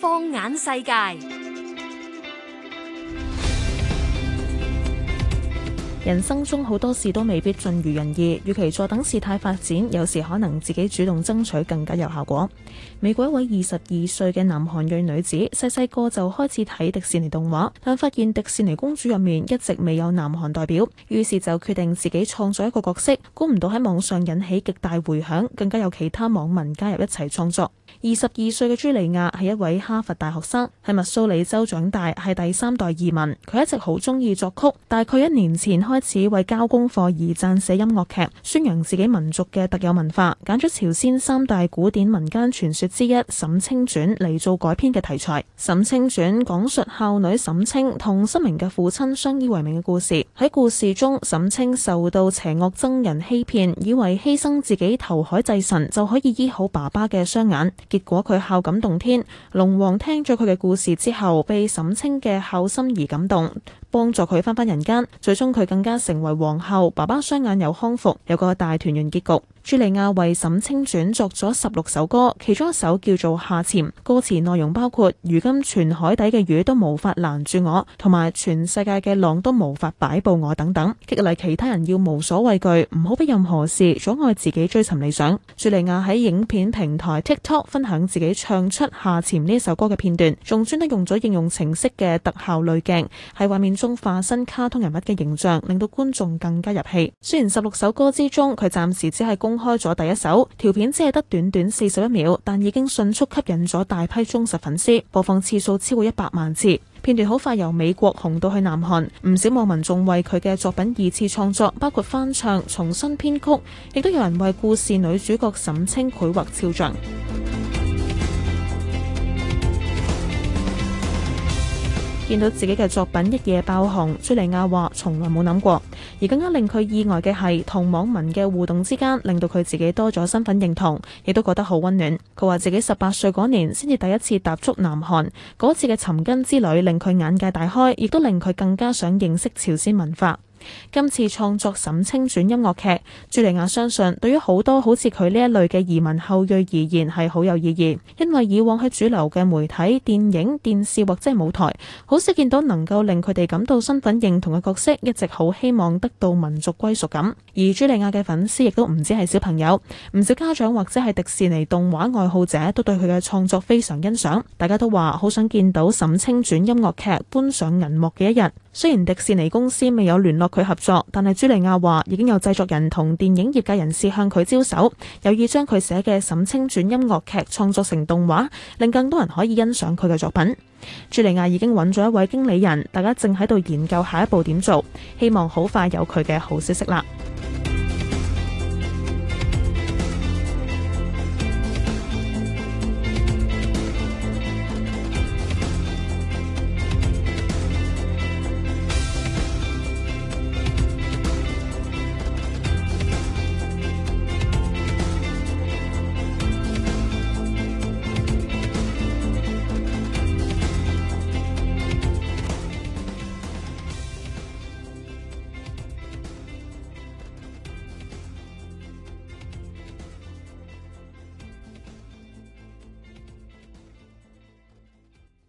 放眼世界。人生中好多事都未必盡如人意，與其坐等事態發展，有時可能自己主動爭取更加有效果。美國一位二十二歲嘅南韓裔女子，細細個就開始睇迪士尼動畫，但發現迪士尼公主入面一直未有南韓代表，於是就決定自己創作一個角色。估唔到喺網上引起極大回響，更加有其他網民加入一齊創作。二十二歲嘅茱莉亞係一位哈佛大學生，喺密蘇里州長大，係第三代移民。佢一直好中意作曲，大概一年前開始為交功課而撰寫音樂劇，宣揚自己民族嘅特有文化，揀咗朝鮮三大古典民間傳說之一《沈清傳》嚟做改編嘅題材。《沈清傳》講述孝女沈清同失明嘅父親相依為命嘅故事。喺故事中，沈清受到邪惡僧人欺騙，以為犧牲自己投海祭神就可以醫好爸爸嘅雙眼。結果佢孝感動天，龍王聽咗佢嘅故事之後，被沈清嘅孝心而感動。幫助佢返返人間，最終佢更加成為皇后。爸爸雙眼又康復，有個大團圓結局。朱莉 亞為沈清轉作咗十六首歌，其中一首叫做《下潛》，歌詞內容包括：如今全海底嘅魚都無法攔住我，同埋全世界嘅浪都無法擺布我等等，激勵其他人要無所畏懼，唔好俾任何事阻礙自己追尋理想。朱莉 亞喺影片平台 TikTok 分享自己唱出《下潛》呢首歌嘅片段，仲專登用咗應用程式嘅特效濾鏡，喺畫面中化身卡通人物嘅形象，令到觀眾更加入戲。雖然十六首歌之中，佢暫時只係公公開咗第一首，條片只係得短短四十一秒，但已經迅速吸引咗大批忠實粉絲，播放次數超過一百萬次。片段好快由美國紅到去南韓，唔少網民仲為佢嘅作品二次創作，包括翻唱、重新編曲，亦都有人為故事女主角沈清繪畫肖像。見到自己嘅作品一夜爆紅，朱莉亞話從來冇諗過。而更加令佢意外嘅係，同網民嘅互動之間，令到佢自己多咗身份認同，亦都覺得好溫暖。佢話自己十八歲嗰年，先至第一次踏足南韓，嗰次嘅尋根之旅令佢眼界大開，亦都令佢更加想認識朝鮮文化。今次創作《沈清傳》音樂劇，朱莉亞相信對於好多好似佢呢一類嘅移民後裔而言係好有意義，因為以往喺主流嘅媒體、電影、電視或者係舞台，好少見到能夠令佢哋感到身份認同嘅角色，一直好希望得到民族歸屬感。而朱莉亞嘅粉絲亦都唔止係小朋友，唔少家長或者係迪士尼動畫愛好者都對佢嘅創作非常欣賞，大家都話好想見到《沈清傳》音樂劇搬上銀幕嘅一日。雖然迪士尼公司未有聯絡佢合作，但係朱莉亞話已經有製作人同電影業界人士向佢招手，有意將佢寫嘅《沈清傳》音樂劇創作成動畫，令更多人可以欣賞佢嘅作品。朱莉亞已經揾咗一位經理人，大家正喺度研究下一步點做，希望好快有佢嘅好消息啦。